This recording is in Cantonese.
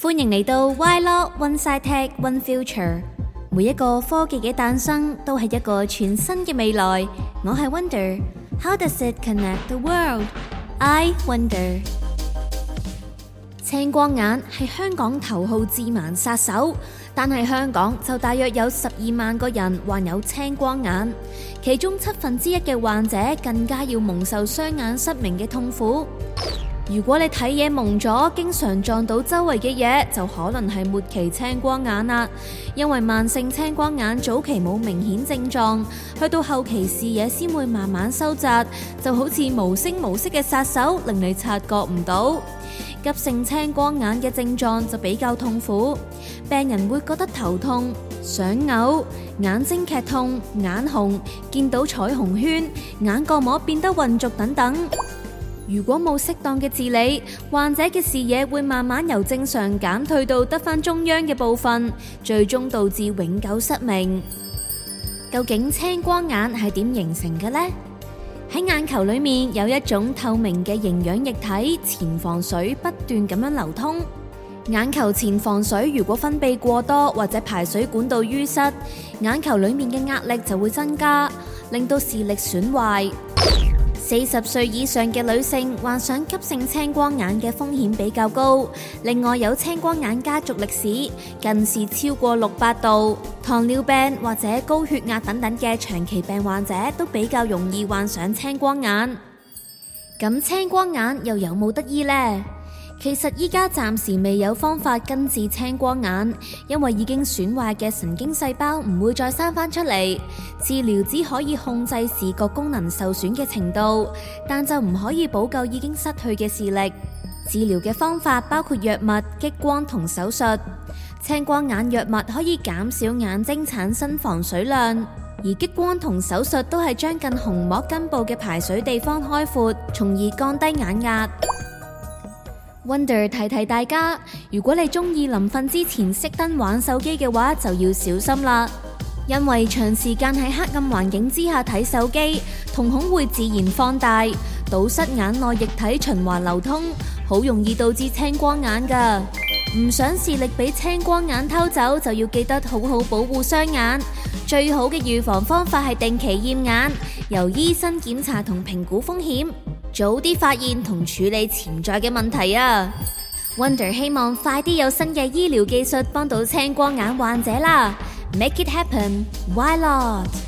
歡迎嚟到 Yolo One、Side、Tech One Future。每一個科技嘅誕生都係一個全新嘅未來。我係 Wonder。How does it connect the world? I wonder。青光眼係香港頭號致盲殺手，單喺香港就大約有十二萬個人患有青光眼，其中七分之一嘅患者更加要蒙受雙眼失明嘅痛苦。如果你睇嘢蒙咗，經常撞到周圍嘅嘢，就可能係末期青光眼啦。因為慢性青光眼早期冇明顯症狀，去到後期視野先會慢慢收窄，就好似無聲無息嘅殺手，令你察覺唔到。急性青光眼嘅症狀就比較痛苦，病人會覺得頭痛、想嘔、眼睛劇痛、眼紅、見到彩虹圈、眼角膜變得混濁等等。如果冇適當嘅治理，患者嘅視野會慢慢由正常減退到得翻中央嘅部分，最終導致永久失明。究竟青光眼係點形成嘅呢？喺眼球裏面有一種透明嘅營養液體——前房水，不斷咁樣流通。眼球前房水如果分泌過多或者排水管道淤塞，眼球裏面嘅壓力就會增加，令到視力損壞。四十歲以上嘅女性患上急性青光眼嘅風險比較高。另外，有青光眼家族歷史、近視超過六百度、糖尿病或者高血壓等等嘅長期病患者都比較容易患上青光眼。咁青光眼又有冇得醫呢？其實依家暫時未有方法根治青光眼，因為已經損壞嘅神經細胞唔會再生返出嚟。治療只可以控制視覺功能受損嘅程度，但就唔可以補救已經失去嘅視力。治療嘅方法包括藥物、激光同手術。青光眼藥物可以減少眼睛產生房水量，而激光同手術都係將近虹膜根部嘅排水地方開闊，從而降低眼壓。Wonder 提提大家，如果你中意臨瞓之前熄燈玩手機嘅話，就要小心啦。因為長時間喺黑暗環境之下睇手機，瞳孔會自然放大，堵塞眼內液體循環流通，好容易導致青光眼㗎。唔想視力俾青光眼偷走，就要記得好好保護雙眼。最好嘅預防方法係定期驗眼，由醫生檢查同評估風險。早啲發現同處理潛在嘅問題啊！Wonder 希望快啲有新嘅醫療技術幫到青光眼患者啦！Make it happen, Why not？